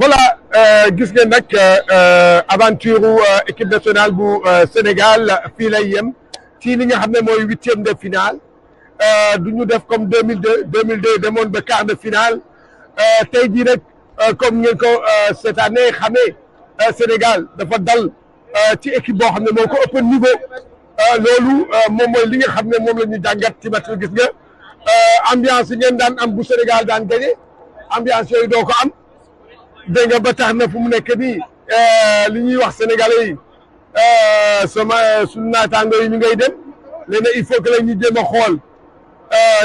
voilà euh, gis ngeen nag euh, euh, aventure équipe nationale bu Sénégal fii lay yem ci li nga xam ne mooy huitième de finale du ñu def comme deux mille deux deux mille deux demoon ba quart tey jii rek comme ngeen ko cette année xamee Sénégal dafa dal ci équipe boo xam ne moo ko ëpp niveau loolu moom mooy li nga xam ne moom la ñu jàngat ci match gis nga ambiance yi ngeen daan am bu Sénégal daan gagné yooyu doo ko am. dégg nga ba tax na fu mu nekk nii eh, li ñuy wax sénégalais yi eh, sama eh, suñu naataango yi ñu ngay dem léegi il faut que la ñu jéem a xool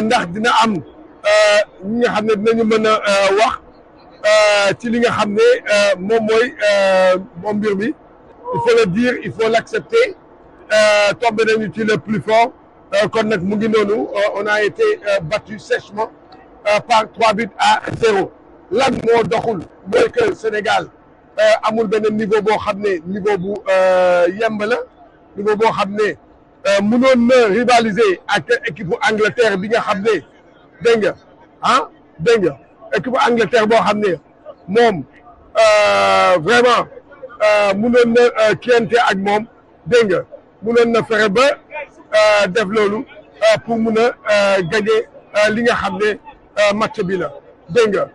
ndax dina am ñi nga xam ne dinañu mën a wax ci li nga xam ne moom mooy moom mbir bi il faut le dire il faut l'accepter tombé nañu ci le plus fort kon nag mu ngi noonu on a été battu sèchement par trois buts à zéro lan moo doxul mooy Sénégal euh, amul benn niveau boo xam ne niveau bu euh, yemb la niveau boo xam ne euh, mënoon na rivaliser ak équipe bu Angleterre bi nga xam ne dégg nga ah dégg nga équipe bu Angleterre boo xam ne moom vraiment mënoon na kiyante ak moom dégg nga mënoon na fexe ba def loolu pour mun a gagner li nga xam ne match bi la dégg nga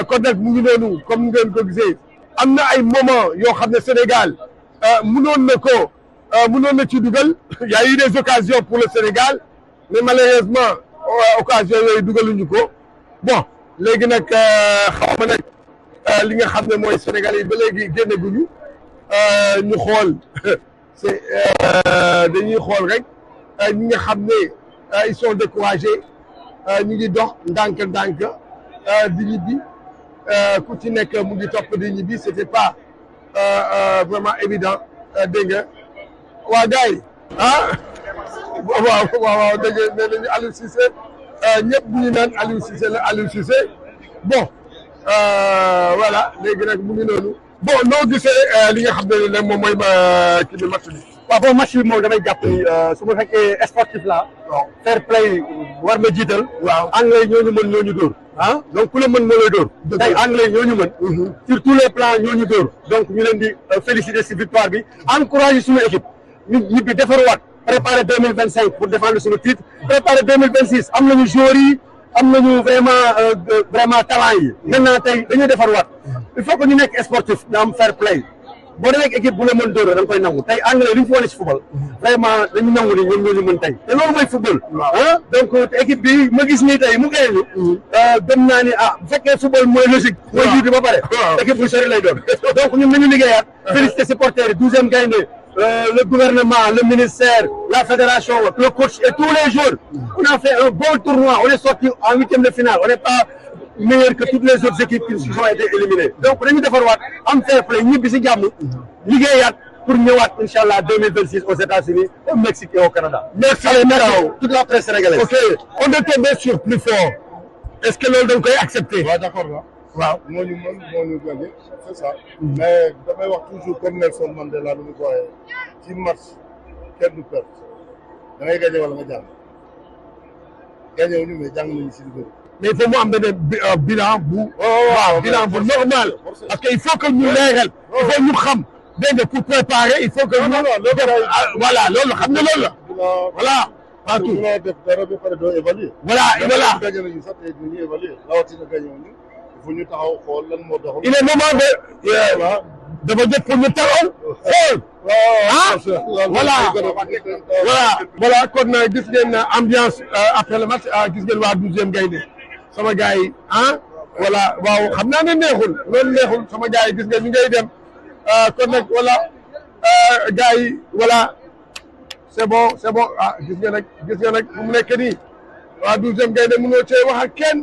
Euh, kon nag mu ngi noonu comme ngeen ko gisee am na ay moment yoo xam ne Sénégal euh, mënoon na ko euh, mënoon na ci dugal y a eu des occasions pour le Sénégal mais malheureusement occasion yooyu dugaluñu ko bon léegi nag xaw ma nag li nga xam ne mooy Sénégal yi ba léegi génne guñu ñu xool c'est dañuy xool rek ñi nga xam ne ils sont découragés ñu ngi dox ndànk-ndànk Euh, ku ci nekk mu ngi topp di ñibbi c'était pas euh, euh, vraiment évident dégg nga waa gars yi ah waaw waaw waaw dégg nga nee ñu naan Aliou Cissé la Aliou Cissé bon voilà léegi nag mu ngi noonu bon noo gisee li nga xam ne nag moom mooy kii bi match bi. waaw bon match bi moom damay jàpp su ma fekkee sportif la fair play war ma jiital. waaw anglais ñooñu mën ñooñu dóor. ah donc ku la mën moo lay dóor tey anglais ñoo ñu mën mhm. sur tous les plans ñoo ñu dóor donc ñu leen di euh, féliciter si victoire bi encourager suñu équipe ñu ñibbi defaruwaat préparer deux mille vingt cinq pour défendre suñu titre préparer deux mille vingt six am nañu joueurs yi am nañu vraiment euh, vraiment talent yi maintenant tey dañuy defaruwaat il faut que ñu nekk sportif ñu am fair play boo demee ak équipe bu la mën dóor da koy nangu tey anglais li ñu fi wane si football vraiment dañu nangu ni ñoom ñoo ñu mën tey te loolu mooy football ah donc te bi ma gis nii tey mu gaye ñu dem naa ni ah bu fekkee football mooy logique mooy jiitu ba pare équipe bu sori lay doon donc ñun nañu liggéeyaat ah. félicité supporters yi douzième gaynde euh, le gouvernement le ministère la fédération le coach et tous les jours mm-hmm. on a fait un bon tournoi on est sorti en huitième de finale on est pas meilleur que toutes les autres équipes qui ont été éliminées donc dañu defarwaat am fair ñibbi si jàmm liggéeyaat pour ñëwaat incha allah deux mille vingt six aux États-Unis au Mexique et au Canada. merci allez merci toute la presse sénégalaise. ok on est tombé sur plus fort est-ce que loolu da accepter. waaw d'accord waaw. waaw moo ñu mën moo ñu gagné c'est ça. mais damay wax toujours comme Nelson Mandela lu ñu ko waxee ci match kenn du perte da ngay gagné wala nga si mais il faut mu am benn bilan bu. waaw bilan bu normal. parce que il faut que ñu leeral. il faut ñu xam. dégg nga pour préparer il faut que ñu. Ah, voilà loolu xam nga loolu la. voilà. partout def dara ba pare doo évaluer. voilà voilà. ñu taxaw xool lan moo doxul. il est moment de. Euh, dafa jot pour ñu taxaw. xool. ah voilà voilà. voilà kon euh, gis ngeen euh, ambiance après le match ah, gis ngeen waa douzième gaynde sama gars yi ah voilà waaw xam naa ne neexul loolu neexul sama gars gis nga ñu ngay dem euh, kon nag voilà euh, gars yi voilà bon c'est bon ah, gis nga nag gis nga nag fu mu nekk nii waa douzième gaynde mënoo cee wax ak kenn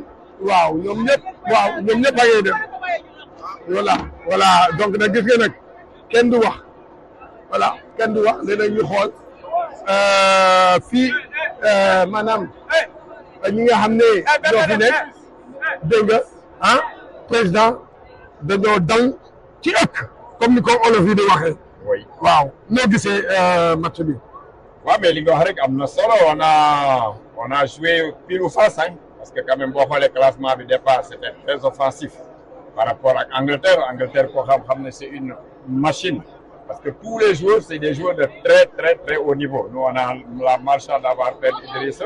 waaw ñoom ñëpp waaw ñoom ñëpp a ngay dem voilà donc nag gis nga nag kenn du wax voilà kenn di wax léeg-léeg ñu xool euh, fii maanaam ak ñi nga xam ne eh, ñoo fi nekk dégg nga ah président dañoo dal ci ëkk comme ni ko olof yi di waxee. waaw noo gisee euh, match bi. waaw mais li nga wax rek am na solo on a on a joué pile ou face hein parce que quand même boo xoolee classement bi départ c'était très offensif par rapport ak Angleterre Angleterre ko xam-xam ne c'est une machine. parce que tous les joueurs c'est des joueurs de très très très haut niveau nous on a la marche d'avoir perdu Idrissa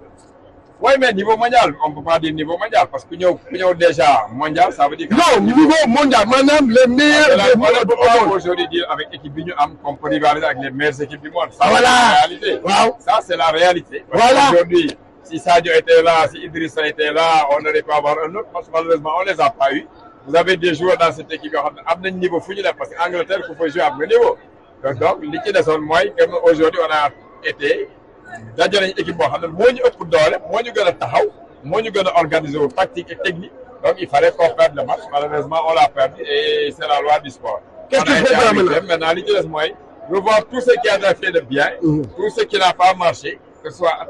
Oui, mais niveau mondial, on ne peut pas dire mondial, parce que nous sommes déjà mondial, ça veut dire que... Non, niveau mondial, madame, les meilleurs... on ne peut pas aujourd'hui dire avec l'équipe du qu'on peut rivaliser avec les meilleures équipes du monde. Ça, voilà. c'est la réalité. sa Ça, c'est la réalité. Parce voilà. Aujourd'hui, si Sadio si Idrissa était là, on n'aurait pas avoir un autre, parce on ne les a pas eu. Vous avez des joueurs dans cette équipe qui ont un niveau fini là, parce qu'en Angleterre, il faut jouer à un niveau. Donc, l'idée de son moyen, dajale nañ équipe boo xam ne moo ñu ëpp a taxaw moo ñu gën a organiser wu tactique et technique donc il fallait qu'on perde le match malheureusement on l'a perdu et c'est la loi du sport. qu'est-ce que programme la maintenant li ci mooy revoir tout ce qui a fait de bien. Mm. tout ce qui n'a pas marché. que ce soit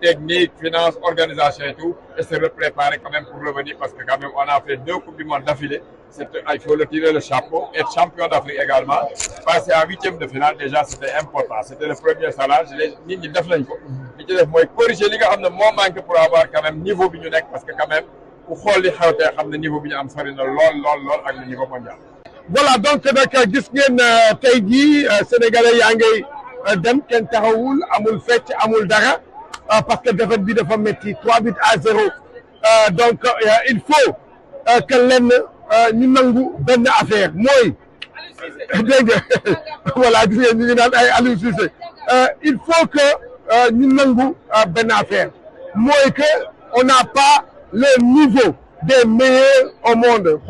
technique, finance, organisation et se préparer pour revenir parce que quand a fait deux Coupes du Monde d'affilée. champion d'Afrique également. Passer en huitième de finale, déjà, c'était important. C'était le premier salaire. Nous, nous devons le niveau bi parce que quand niveau bi ñu am sori niveau mondial. voilà donc nag gis ngeen euh, tey euh, dem kenn taxawul amul fecc amul dara euh, parce que défaite bi dafa métti trois buts à zéro euh, donc euh, il faut que lenn ñu nangu benn affaire mooy dégg nga voilà gis il faut que ñu nangu benn affaire mooy que on n'a pas le niveau des meilleurs au monde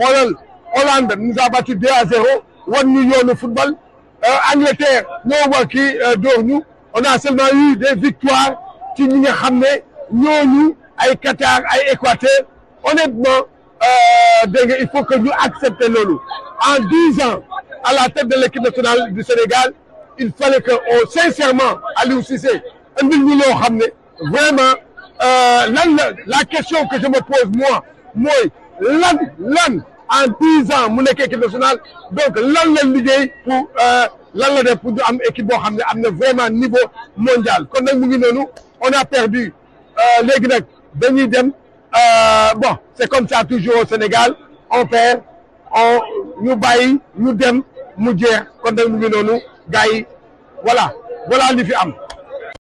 Hollande nous a battu 2 à 0 wan ñu yoonu football. Euh, Angleterre ñoo war kii euh, dóor ñu on a seulement eu des victoires ci ñi nga xam ne ñooñu ay Qatar ay Équateur honnêtement euh, dégg nga il faut que ñu accepter loolu en dix ans à la tête de l'équipe nationale du Sénégal il fallait que on oh, sincèrement Aliou Cissé andil ñu loo xam ne vraiment lan la la question que je me pose moi mooy lan lan en dix ans mu nekk équipe nationale donc lan la liggéey pour euh, lan la def pour ñu am équipe boo xam ne am na vraiment niveau mondial kon nag mu ngi noonu on a perdu euh, léegi nag dañuy dem euh, bon c'est comme ça toujours au Sénégal on perd on ñu bàyyi ñu dem mu jeex kon nag mu ngi noonu gars yi voilà voilà li fi am.